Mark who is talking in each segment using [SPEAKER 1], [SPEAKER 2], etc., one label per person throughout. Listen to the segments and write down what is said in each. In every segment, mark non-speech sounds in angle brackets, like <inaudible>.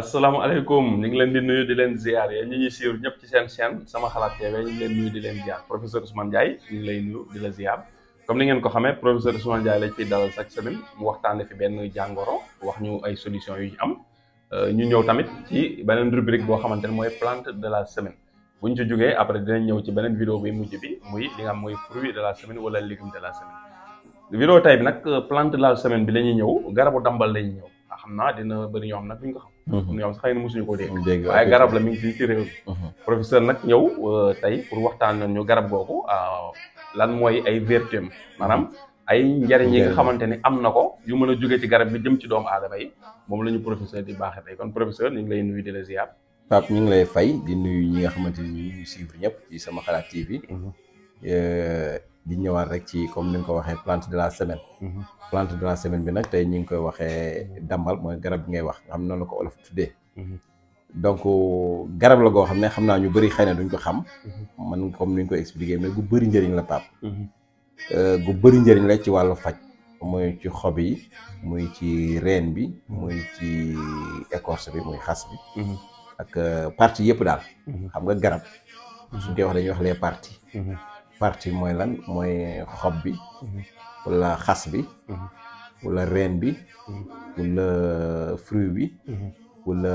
[SPEAKER 1] Assalamualaikum ñu ngi leen di nuyu di leen ziar ya ñi ñi siiw ñep ci seen chaîne sama xalaat TV ñu leen nuyu di leen ziar professeur Ousmane Ndiaye ñu ngi lay nuyu di la ziar comme ni ngeen ko xamé professeur Ousmane Ndiaye la ci dalal sax semaine mu waxtaane fi benn jangoro wax ñu ay solution yu ñu am euh, ñu ñëw tamit ci benen rubrique bo xamantene moy plante de la semaine buñ ci juggé après dinañ ñëw ci benen vidéo bi mujj bi muy li nga moy fruit de la semaine wala légume de la semaine vidéo tay bi nag euh, plante de la semaine bi lañuy ñëw garabu dàmbal la ñuy ñëw nga ah, xam naa dina bëri ñoo xam nag duñ ko xam mhm. ñoo xam sax xëy na mosuñu ko dégg waaye garab la mi ngi fii ci réew mi mhm. professeur ñëw euh, tey pour waxtaan nañ ñu garab googu ah, lan mooy ay vertus maanaam ay njariñ yi nga xamante ni am na ko yu mën a jóge ci garab bi jëm ci doomu aadama yi moom la ñu professeur di baaxee tey kon professeur ñu ngi lay nuyu di la ziar Pape ñu ngi lay fay di nuyu ñi nga xamante ni ñu suivre ñëpp ci sama xalaat TV mhm. euh, di ñëwaat rek ci comme ni nga ko waxee plante de la semaine mhm. plante de la semaine bi nag tey ñu ngi koy waxee dambal mooy garab ngay wax nga xam noonu la ko olof tuddee mhm. donc garab la goo xam ne xam naa ñu bëri xëy na duñ ko xam mhm. man comme ni ñu ko expliquer mais gu bëri njëriñ la pap euh, gu bëri njëriñ la ci wàllu faj muy ci xob yi muy ci reen bi muy ci écorce bi muy xas bi ak euh, parti yépp daal xam nga garab suñ koy wax dañuy wax les parties partie mooy lan mooy xob bi wala xas bi wala reen bi wala fruit bi wala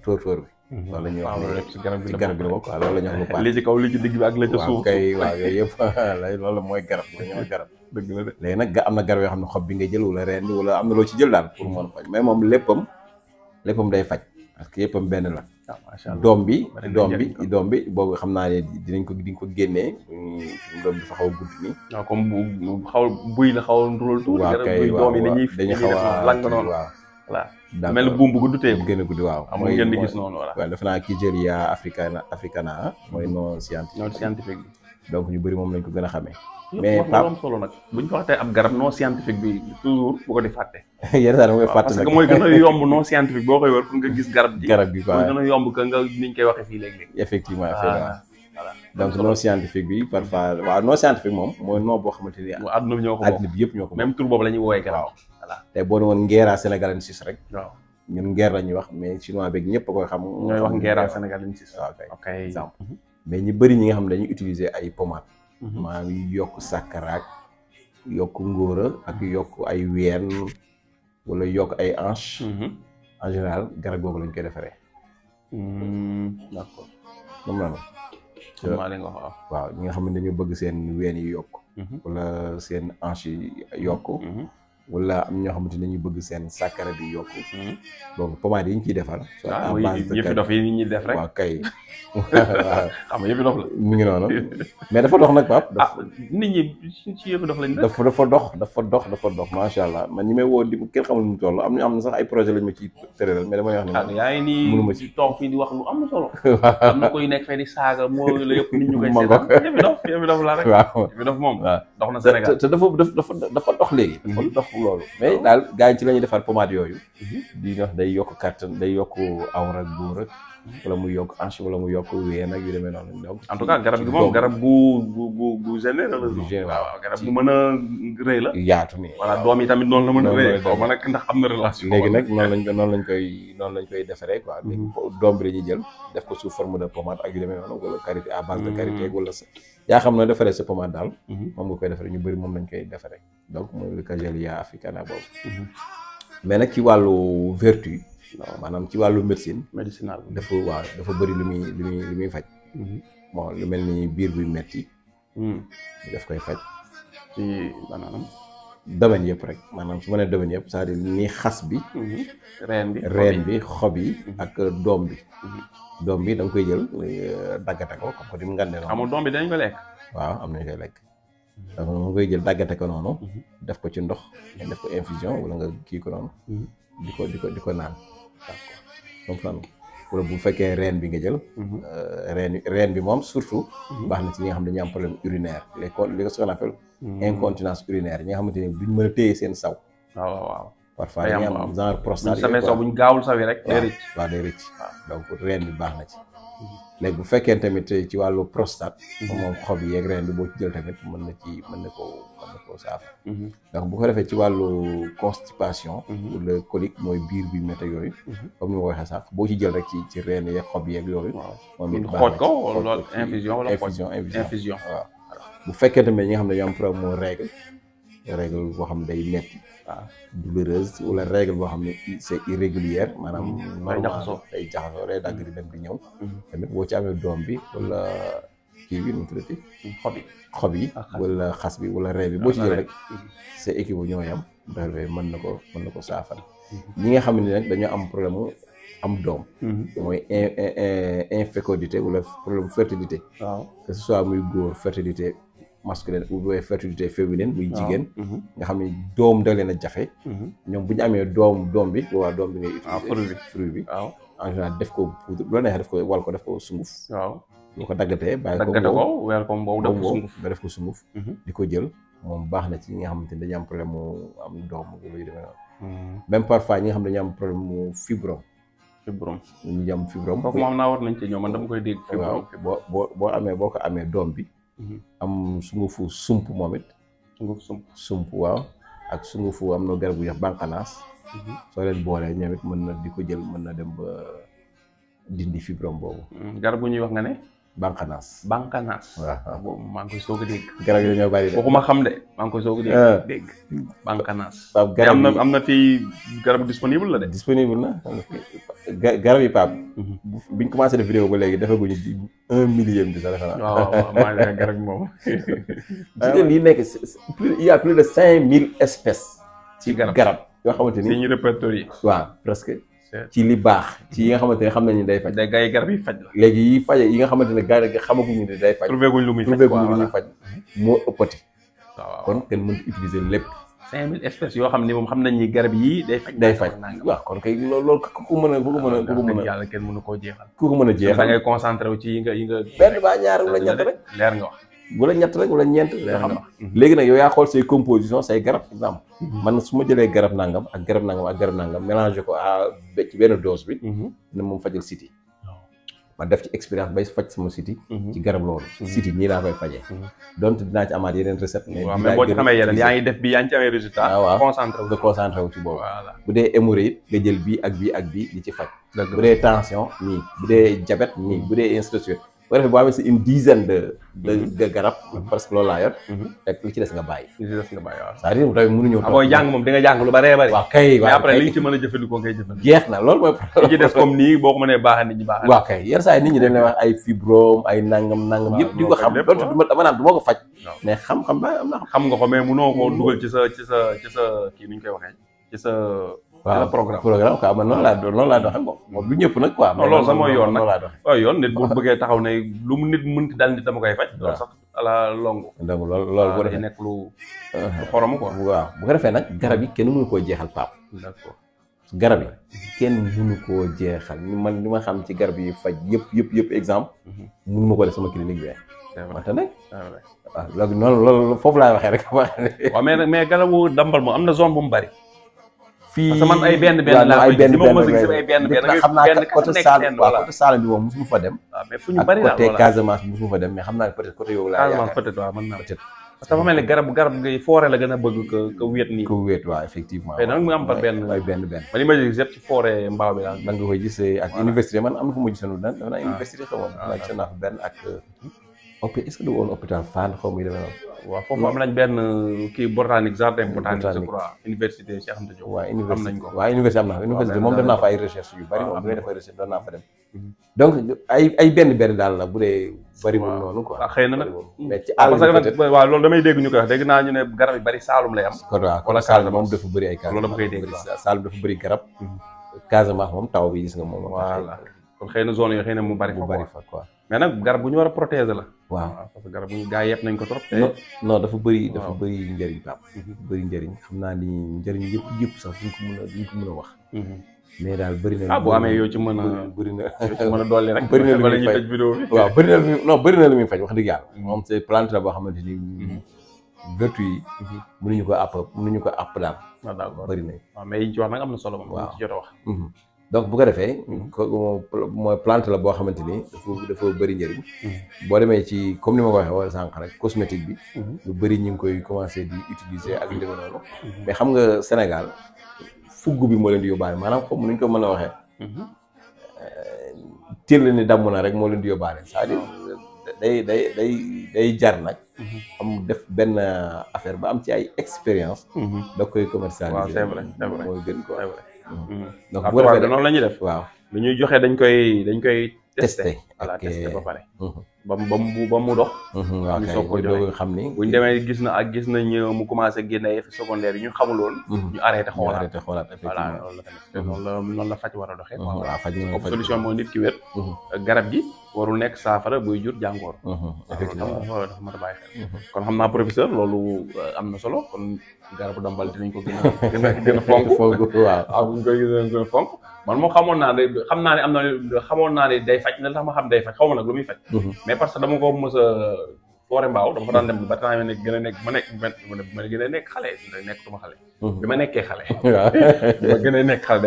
[SPEAKER 1] tóortóor bi loolu la wax ne ci garab gi la bokk waaw loolu la ñuy wax li ci kaw li ci digg bi la ca suuf kay <laughs> garab la ñuy garab <laughs> léegi nag am na garab yoo xam ne xob bi nga jël wala reen bi wala am na loo ci jël daal pour mën a faj mais moom léppam léppam day faj parce que yëppam benn la Ah, doom bi doom bi doom bi boobu xam naa ne dinañ ko di ko génnee doom bi fa xaw a gudd waaw ah, comme bu xaw buy la xaw a ndural tuuti waaw kay waaw dañuy xaw a lang noonu voilà d'accord mel buum bu gudd tey bu gën a gudd waaw. mooy ngeen di gis noonu voilà. waaw defe naa Kigeria africana africana ah. mooy non scientifique. bi. donc ñu bëri moom lañ ko gën a xamee. mais Pape am solo nag bu ñu ko te ab garab non scientifique bi toujours bu ko di fàtte. yenn saa da koy fàtte nag mooy gën a yomb non scientifique boo koy wër pour nga gis garab gi. garab gi waaw mooy gën a yomb que nga ni ñu koy waxee fii léeg-léeg. effectivement effectivement. donc non scientifique bi parfois waaw non scientifique moom mooy non boo xamante ni. mooy adduna bi ñoo ko yëpp ñoo ko moom. même tur boobu la ñuy woowee garaaw. voilà tey boo doon ngeeraa sénégalais sis rek. la ñuy wax mais chinois beeg ñëpp a koy xam. ñooy wax ngeeraa sénégalais sis. mais ñu bëri ñi nga xam ne dañuy utiliser ay pommades. Mhm. maanaam yu yokk sàkkaraak yokk ngóora ak yokk ay ween wala yokk ay hanche. Mhm. en général garab boobu lañ koy defaree. Hmm, xam li nga wax waaw ñi nga xam ne bëgg seen ween yi yokk mhm. wala seen hanche yi yokk mhm. wala am ñoo xamante ne ñu bëgg seen sàkkara bi yokk hmm. yi ñu ciy defar. soit ah, en de yëfi dof yi ñuy def rek. waaw kay. <laughs> la. mu ngi noonu mais dafa dox nag Pape. ah nit ñi ci yëfi dof lañ dafa dafa dox dafa dox dafa dox macha allah man ñi may woo di kenn xamul nu mu am na am na sax ay projet lañ ma ciy tëralal mais dama wax ah, ngi nii ci toog fii di wax lu am solo. <laughs> am na koy nekk fee di saaga moo la yëpp nit ñu koy seetaan yëfi dof yëfi dof <laughs> moom dox na Sénégal te dafa dafa dafa dox léegi dafa mhm. dox loolu mais daal gars yi ci la ñuy defar pommade yooyu. Mhm. di wax day yokk kàttan day yokk awra góor ak wala mu yokk hanche wala mu yokk ween ak yu demee noonu donc. en tout cas gi moom garab gu gu gu gu généreux la. généreux waaw a la. yaatu nii voilà doom yi tamit noonu la mën a rëy. xaw ma nag ndax am na relation. léegi ko noonu lañ koy koy defaree quoi. Mhm. léegi doom bi la ñuy jël def ko sous forme de pommade ak yu demee noonu wala karité à base de mhm. karité sa. yaa xam ne defaree sa pommade daal. Mhm. moom nga koy defaree ñu bëri moom lañ koy defaree. donc mooy le cagelia africana boobu. mais nag ci wàllu vertu maanaam ci wàllu médecine. médicinal dafa waaw dafa bëri lu muy lu muy faj. Mhm. lu mel ni biir bi metti mhm. daf koy faj. ci yëpp rek maanaam su ma nee domaine yëpp c'est-à-dire xas bi. Mhm. reen bi xob yi. ak doom bi. doom bi da koy jël euh, daggate ko comme que mu ngandee noonu. doom bi dañ ko lekk. waaw nañ koy lekk. jël daggate ko noonu. def ko ci ndox. def ko infusion wala nga kii ko noonu. di ko di ko naan. d'accord wala bu fekkee reen bi nga jël. Mhm. Euh, reen reen bi moom surtout. baax na ci ñi nga xam ne dañuy am problème urinaire les li nga soxla appelle. Mhm. incontinence urinaire ñi nga xamante ne duñ mën a téye seen saw. waaw ah, waaw waaw parfois dañuy genre prostate. bu ñu sawee saw gaawul sawee rek day rëcc. waaw ah. donc reen bi baax na ci. léegi bu fekkee tamit ci wàllu prostate. moom xob yi yeeg reen bi boo ci jël tamit mën na ci mën na koo mën na koo mhm. donc bu ko defee ci wàllu constipation. Mhm. pour le mooy biir bi métte yooyu. Mhm. comme ni ma ko waxee sax boo ci jël rek ci ci reen yeeg xob yeeg yooyu. moom it xooj ko loolu infusion wala infusion infusion bu fekkee tamit ñi nga xam ne dañoo am problème mu règle. règle boo xam ne day metti waaw ah, douloureuse wala règle boo xam ne c'est irrégulière maanaam mm-hmm. normal day jaxasoo day dagg di dem di ñëw mm-hmm. boo ci amee doom bi wala kii bi nu mu mm-hmm. xob yi xob yi wala xas bi wala ree bi boo ci jël rek sa équipe bu ñoo yam doxel mën na ko mën na ko saafara ñi nga xam ne nag dañoo am problème am doom mooy infécondité wala problème fertilité que ce soit muy góor fertilité masculine ou fertilité féminine muy jigéen mhm. nga xam ne doom da leen a jafe mhm. ñoom bu ñu amee doom doom bi waaw doom bi ngay ah, bi waaw en def ko la neexee def ko wal ko def ko sunguf waaw boo ko daggatee bàyyi ko boobu weer ko boobu def ko sunguf nga def ko sunguf mhm. di ko jël moom baax na ci ñi nga xamante ni dañu am problème mu am doom luy demee noonu même ñi nga xam ne am problème mu fibrome fibrome ñu am fibrome kooku naa war nañ ci ñoom man dama koy dégg fibrome boo boo boo amee boo ko amee doom bi Mm-hmm. am sungufu sump moom it. sungufu sump sump waaw ak sungufu am na garabu gu yax bànqanaas mm-hmm. soo leen boolee ñoom mën na di ko jël mën na dem ba dindi fibrome boobu. Mm-hmm. garab gu ñuy wax nga ne. banqanaas banqanaas waaw boobu maa ngi koy soog a dégg garab de waxuma xam de maa ngi koy soog a dégg eh. dégg banqanaas waaw garab am na fii garab disponible la de disponible na garab yi Pape mhm. bi ñu commencé def vidéo ba léegi defaguñu un millième bi <laughs> a plus de cinq mille espèces ci garab yoo xamante ni ñu répertorié waaw presque ci li baax ci yi nga xamante ne xam nañu day faj. day gay garab yi faj léegi yi faje yi nga xamante ne garab yi xamaguñu ne day faj. trouvé guñ lu muy faj trouvé guñ lu muy faj moo ëppati. kon kenn mënut utiliser lépp. 5000 espèces yoo xam ne moom xam nañ ñi garab yi day faj. day faj waaw kon kay loolu loolu ku ko mën a ku ko mën a ku ko mën a yàlla kenn a jeexal da ngay ci yi nga yi nga. benn baa ñaar la ñett rek leer nga wax. wala ñett rek wala ñeent day xam mhm. léegi nag yow yaa xool say composition say garab exemple mhm. man su ma jëlee garab nangam ak garab nangam ak garab nangam mélangé ko à ci benn dose bi mhm. ne moom fajal siti ma def ci expérience bay faj sama siti ci garab loolu siti nii laa koy fajee donc dinaa ci amaat yeneen recette waaw mais boo ci yaa ngi def bii yaa ngi ci amee ah, wu ci boobu bu dee hémorroïde nga jël bii ak bi ak bii di ci faj bu dee tension mii bu dee diabète mii bu dee ainsi bu ko defee boo amee si une dizaine mhm. garab. Mhm. parce que loolu laa yor. rek mhm. li ci des nga bàyyi. a ci des nga bàyyi waaw. c'est-à-dire tamit mënuñu. ah booy a jëfandikoo ngay jëfandikoo. jeex na loolu mooy. <laughs> li ci des comme nii boo ko mënee baaxal nit ñi baaxal. waaw kay yenn saa nit ñi dañ lay wax ay fibrome ay nangam nangam. yëpp di ko xam loolu du ma dama naan du ko faj. mais xam-xam ba xam nga ko mais mënoo koo dugal ci sa ci sa ci sa kii ni ñu koy waxee ci sa waaw la programme programme quoi man noonu laa doon noonu laa doon xam nga moom du ñëpp nag quoi. non loolu sax mooy yoon nag waaw yoon nit lu mu nit mënti daal nit dama koy faj. waaw loolu sax à la longue. donc loolu loolu bu defee nekk lu xorom quoi. waaw bu ko defee nag garab yi kenn mënu koo jeexal paap. d'accord garab yi kenn mënu koo jeexal man li mais mais garabu dambal moom am zone bu mu fii parce que man ay benn benn laa ay benn benn xam naa côté Saalum waaw côté Saalum bi moom mosuma fa dem. waaw ah, mais fu a bëgg que que man li ma gis yëpp mbaaw bi daal. da nga koy gis ak université man am na fu ma gisoon daal ah. université ah, fa benn ak. Euh, est-ce que du demee noonu waaw foofu am nañ benn kii botanique jardin botanique je crois université am nañ ko waaw université na moom def naa fa ay recherche yu bëri moom bi recherche donc ay benn benn daal la bu dee bëri moom noonu quoi ah, xëy na nag mais ci ah, àll parce que nag waaw naa ne garab yi bëri Saalum lay am wala Saalum moom dafa bëri ay garab loolu dama koy dégg Saalum dafa mhm. moom taw bi gis nga moom xëy na zone yi xëy na mu bari fa quoi mais nag garab bu ñu war a protéger la. waaw parce que garab bu ñu gaa yëpp nañ ko trop. non non dafa bëri dafa bëri njëriñ Pape. Mhm. bëri njëriñ xam naa ni njëriñ yëpp yëpp sax duñ ko mën a duñ a wax. Mhm. daal bëri na. ah amee yoo ci mën a bëri na yoo ci a dolli rek. <laughs> bëri na lu muy muy non wax dëgg yàlla. Mhm. moom c'est boo xamante ni. yi. mënuñu ko àpp ko àpp daal. waaw ah, bëri na waaw ah, mais yi ci wax nag am na solo moom. waaw wax. donc bu ko defee. Mhm. mooy plante la boo xamante ni dafa dafa bëri njëriñ. Mhm. boo demee ci comme ni ma ko waxee wala sànq rek cosmétique bi. Mhm. lu bëri ñu ngi koy commencé di utiliser ak lu xam nga Sénégal fugg bi moo leen di yóbbaale maanaam comme nuñ ko mën a waxee. teel euh, ni damm na rek moo leen di yóbbaale cest à day day day day jar nag. am def benn affaire ba am ci ay expérience. da koy commercialiser waaw c'est vrai c'est vrai mooy Mm. donc bu defee noonu la ñuy def waaw lu ñuy joxe dañ koy dañ koy testé voilà testé ba pare mm-hmm. ba mu ba mu ba mu dox. Mhm, waaw kay bu ñu demee gis na ak gis nañ euh, mu commencé génne secondaire yi ñu xamul woon. Mhm. ñu arrêté xoolaat ñu mhm. loolu la faj war a doxee. waaw faj moom faj solution mooy nit ki wér. garab gi warul nekk saafara buy jur jàngoor. a bàyyi xel. kon xam naa professeur loolu euh, am na solo kon garabu dambal dinañ ko gën a gën a gën a fonk. fonk waaw ah, a fonk. man moom xamoon naa ne xam naa ne am na xamoon naa ne day faj la tax ma xam day faj xaw nag lu muy faj parce que dama ko mos a foore mbaaw dama ko daan dem ba temps gën nekk ma nekk ma gën a nekk xale mhm. bi ma nekkee xale <laughs> waaw bi ma a nekk xale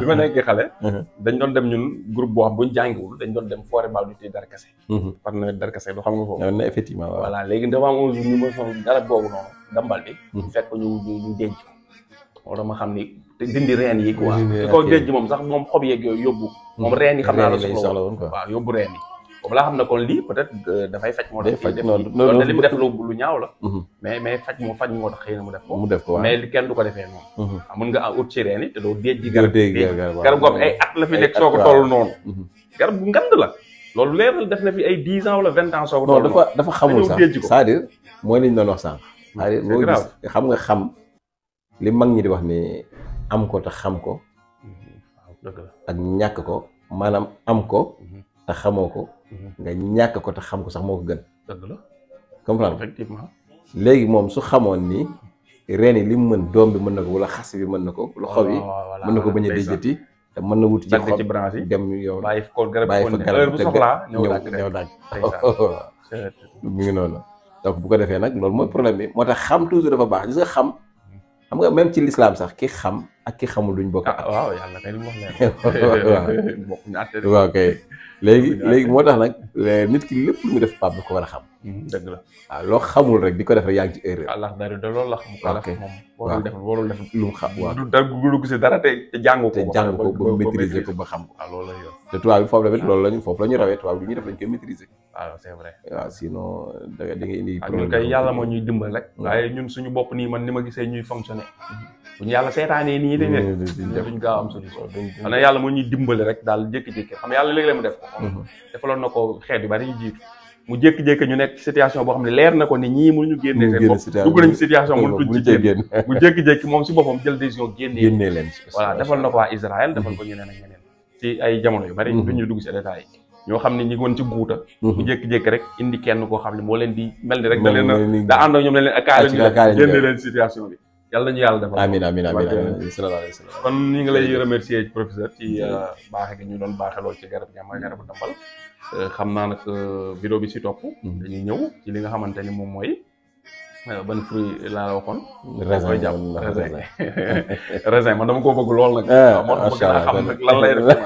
[SPEAKER 1] bi ma nekkee xale mhm. dañ doon dem ñun groupe boo xam buñ jàngiwul dañ doon dem foore mbaaw di tey darkase mhm. par nawet darkase lu xam nga foofu effectivement voilà léegi dafa am un jour ñu ma son garab ma xam ni dindi reen yi quoi moom sax moom xob yeeg yooyu yóbbu moom reen xam naa la soxla woon waaw yóbbu reen yi comme xam ne kon lii peut-être euh, dafay faj moo def loolu li mu def lu ñaaw la mhm. mais mais faj moo faj tax xëy na mu def ko mu def ko mais ko defee noonu mën mhm. ah, nga ut ci reen yi te doo déej ji garab garab ay at la fi nekk soo ko toll noonu mhm. garab bu ngand la loolu leer def na fi ay dix ans wala vingt ans soo ko toll noonu dafa dafa xamul sax c'est-à-dire mooy liñ doon wax sànq hmm. c'est-à-dire xam nga xam li mag ñi di wax ni am ko te xam ko hmm. ak ñàkk ko maanaam am ko hmm. te xamoo ko nga ñàkk ko te xam ko sax moo ko gën. dëgg la. comprendre léegi moom su xamoon ni reen li mu mën doom bi mën na ko wala xas bi mën na ko. loxo bi mën na ko bañ a déjati. te mën na wuti ci xob dem yow. bàyyi fa garab bu garab bu soxlaa ñëw ñëw daaj. <laughs> mu ngi noonu. donc bu ko defee nag loolu mooy problème bi moo tax xam toujours dafa baax gis nga xam. xam nga même ci lislaam sax ki xam. ak ki xamul duñ bokk. ah waaw yàlla kay li mu wax leer. <laughs> <laughs> waaw kay léegi léegi moo tax nag eh, nit ki lépp lu mu def Pape da ko war a xam. Mm-hmm, dëgg la waaw loo xamul rek di ko def rek yaa ci erreur. allah dara de loolu la la ñu foofu la ñu rawee ñu def lañ koy maîtriser. waaw ah, c'est vrai. waaw sinon da nga da nga ah, kay yàlla moo ñuy dimbal rek. waaye ñun suñu bopp nii man ni ma gisee ñuy fonctionner mm-hmm. bu ñu yàlla seetaanee nii dañ ne duñ gaaw am solution xanaa yàlla moo ñuy dimbali rek daal jékki-jékki xam yàlla léeg-léeg mu def ko mhm. defaloon na ko xeet yu bari ñu jiitu mu jékki-jékki ñu nekk situation boo xam ne leer na ko ni ñii mënuñu génnee seen bopp dugg nañ situation mënutuñ ci génn mu jékki-jékki moom si boppam jël décision génnee leen voilà defal na ko waa Israël defal ko ñeneen ak ñeneen ci ay jamono yu bari mhm. duñu dugg si détails yi ñoo xam ne ñi woon ci guuta mhm. mu jékki-jékki rek indi kenn koo xam ne moo leen di mel ni rek da leen da ànd ak ñoom ne leen akaale ñu génne leen situation bi yàlla nañu yàlla defal Amin amin amiin amiin salaamaaleykum kon ñu ngi lay remercier professeur ci euh, baaxe gi ñu doon baaxeloo ci garab gi mooy dambal euh, xam naa euh, vidéo bi si topp hmm. dañuy ñëw ci li nga ban fruit laa la waxoon. raisin raisin <laughs> raisin man dama koo bëgg lool nag. Ah, macha allah xam nag lan lay def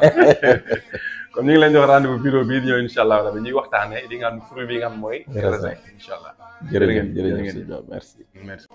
[SPEAKER 1] <laughs> kon ngi jox rendez-vous vidéo allah rabi ñuy nga fruit bi nga xam mooy. raisin incha allah jërëjëf merci merci.